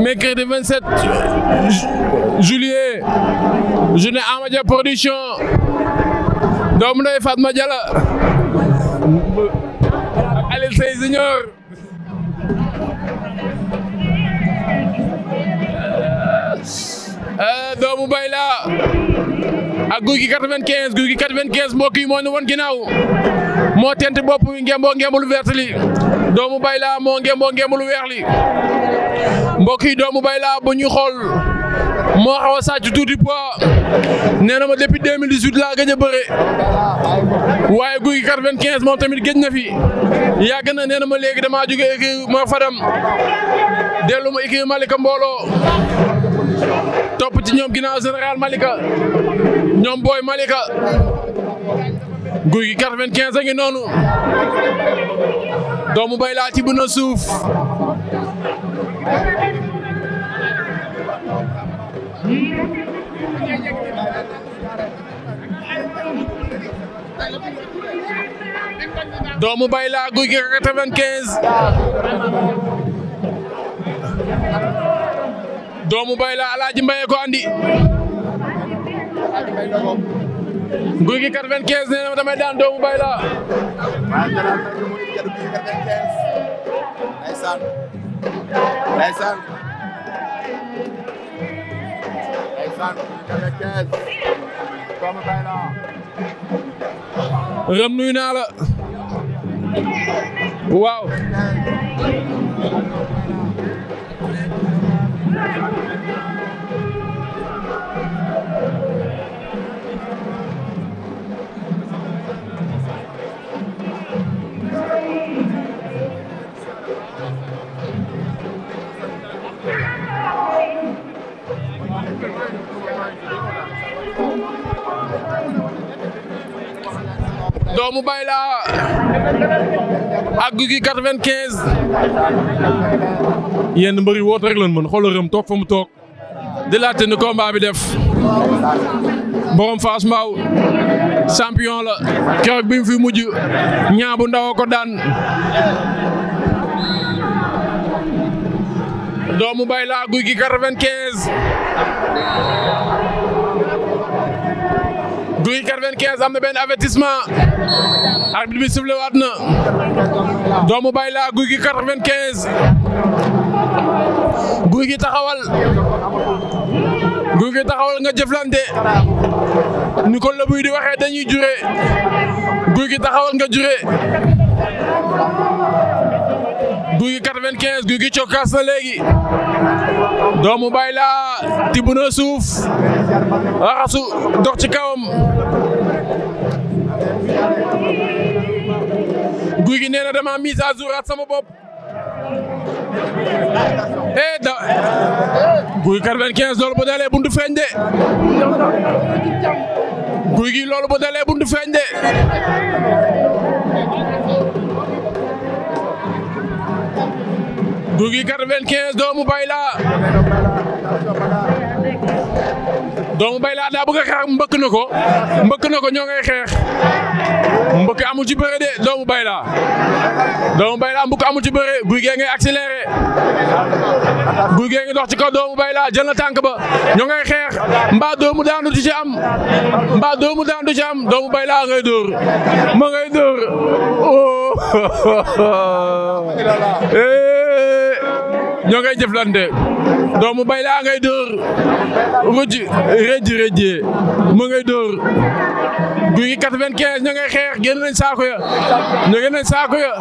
mercredi 27 juillet journée Ama Dia production doomu ndey Fatma Diala ak Alioune Seye Junior eh, doomu bay la ak guy gi 95 guy gi 95 mbokk yi moo ñu won ginnaaw wi ngemboo ngembul vert li doomu bay la moo ngemboo ngembul weex li mbokk yi doomu bay laa bu ñu xool moo aw a sàcc tuuti poids nee na ma depuis 2018 laa gëj a bëre waaye guy gi 95 moom tamit gëj na fi yàgg na nee na ma léegi damaa jóge écurie ma fadam dellu ma écurie Malika mbooloo topp ci ñoom ginnaaw général Malika ñoom booy Malika guy gi 95 a noonu doomu bay laa ci bu na suuf. doomu bay laa guy gi 95 doomu bay laa alaaji mbaye ko andi guy gi 95 nee na damay daan doomu bay ndeysaan ndeysaan Kebe Kees doomu bay la rëm nuyu naa la waaw doomu Bayla ak Gouy Gui 95 yenn mbëri woote rek lañ mën xoolal rëm toog fa mu toog di laajte ni combat bi def borom Fass Mbao champion la keroog bi fi mujj ñaa bu ndaw ko daan doomu Bayla Gouy Gui 95. Sébi 95 am na benn avertissement arbitre bi sifflé waat na doomu bay laa guy gi guy gi taxawal guy gi nga jëflante ni ko la buy di waxee dañuy jure guy gi taxawal nga jure guy gi 95 guy gi cokkaas na léegi doomu bay laa tibb suuf raxasu dox ci gi nee na dama mise à jour at sama bopp eh da guy 95 loolu bu dalee buntu feeñ de guy gi loolu bu dalee buntu feeñ de guy gi 95 doomu bay la doomu bay laa daa bëgg a xeex mbëkk na ko mbëkk na ko ñoo ngay xeex mbëkk amu ci bëre de doomu bay laa doomu bay laa mbëkk ci bëre guy gee ngay accéléré guy gee ngi dox ci kaw doomu bay laa jël tànk ba ñoo ngay xeex mbaa doomu daan du ci am mbaa doomu daan du ci am doomu bay laa ngay dóor ma ngay dóor oh. eh. ñoo ngay doomu bay laa ngay dóor ruj rëj rëjee mu ngay dóor guy gi 95 ña ngay xeex génn nañ saako ya ña génn nañ saako ya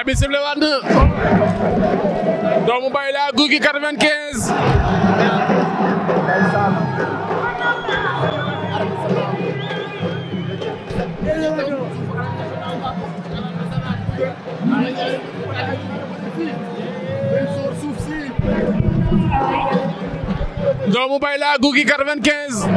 abi sifle waat na doomu bay laa guy gi 95 doomu bay laa guugi 95.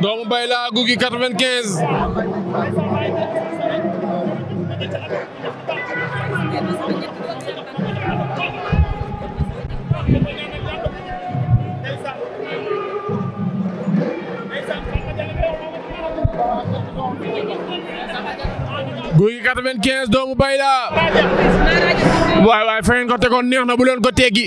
doomu bay laa gugi 95 gugi 95 doomu bay laa neex na bu leen ko teggi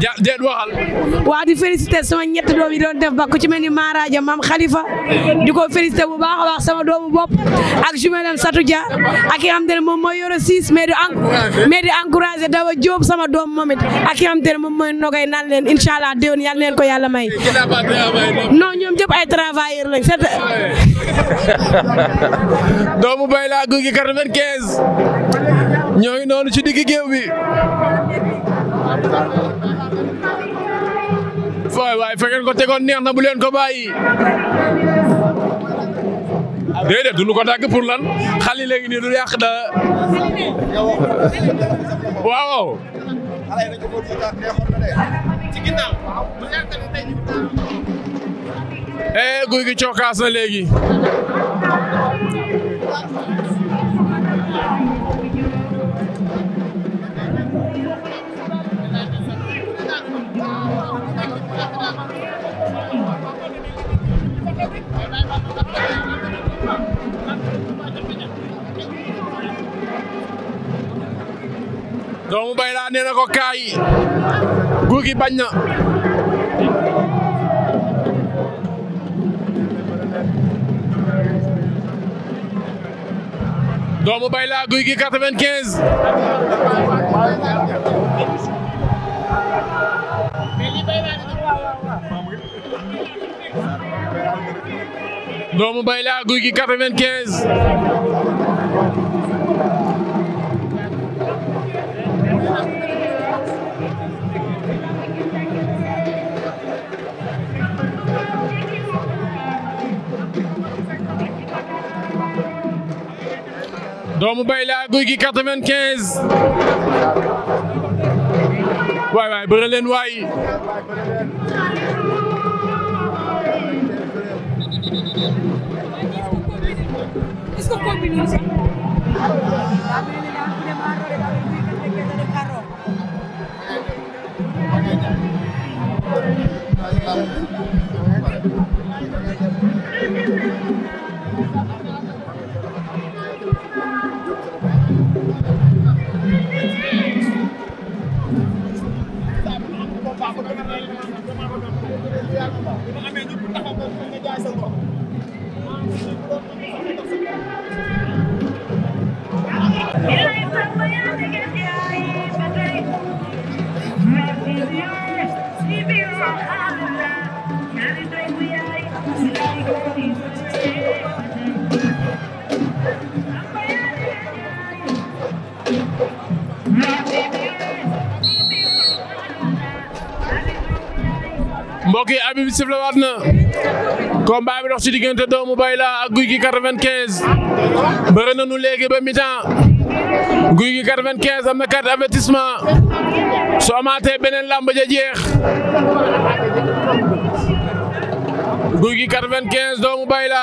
ja déet waxal. waa di félicité sama ñetti doom yi doon def ba ku ci mel ni Maaraja Maam Khalifa di ko félicité bu baax a baax sama doomu bopp ak jumelam satu Dia ak ki nga xamante ne moom mooy yore siis mais di mais di encouragé Dawa sama doom moom it ak ki nga xamante ne moom mooy nogay naan leen incha allah déwén yal leen ko yàlla may. non ñoom ay travailleurs lañ c'est ñoo ngi noonu waay waay fekkeen ko tegoon na bu leen ko bàyyi. déedéet du ñu ko dagg pour lan léegi nii du yàq da waaw. Eh, guy gi cookaas na léegi. doomu Bayla nee na ko kaay gi bañ na doomu Bayla guy gi quatre-vingt-quinze doomu Bayla gi quatre vingt doomu bay laa guy gi 95 waay waay bëre leen waay mbokk yi abi bi sifle waat na combat bi dox ci diggante doomu bayla ak guy gi 95 bëre nañu léegi ba mi-temps guy gi 95 am na carte avertissement soo amaatee beneen làmb ja jeex guy gi 95 doomu bayla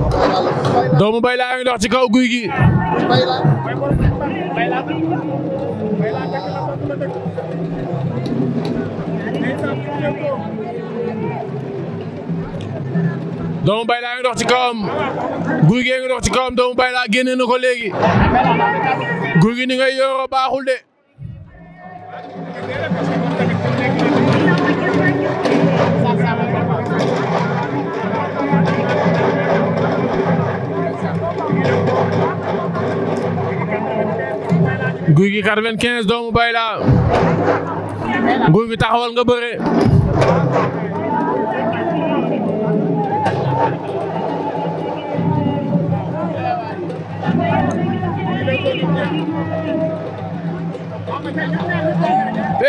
doomu bay laa dox ci kaw guy gi doomu bay laa ngi dox ci kawam guy gi ngi dox ci kawam doomu bay laa génne na ko léegi guy gi ni ngay yoroo baaxul de guy gi quatre-vingt-quinze doomu bay la taxawal nga bëre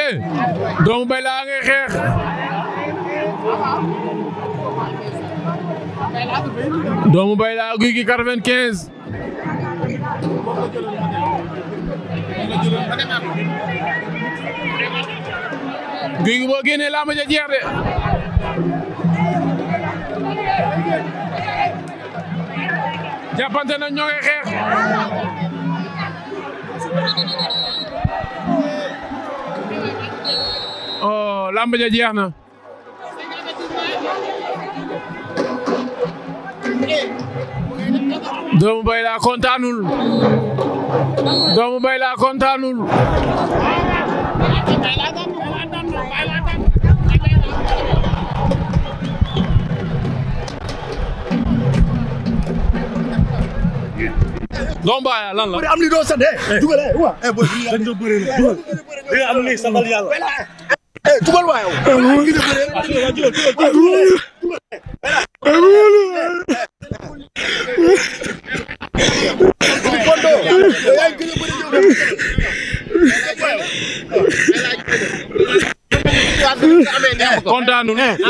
eh doomu bay la ngay xeex doomu bay la guy gi quatre guy gi boo génnee laa ja jeex de jàppante na ñoo ngi xeex oh làmb ja jeex na doomu bay laa doomu bay laa kontaanul doomu baay lan la. am li doo sa dee. Eh, eh, dugal eh waaw. eh booy dañ ko bëree la dugal. li nga am li santal yàlla. eh dugal waaye. daanul eh,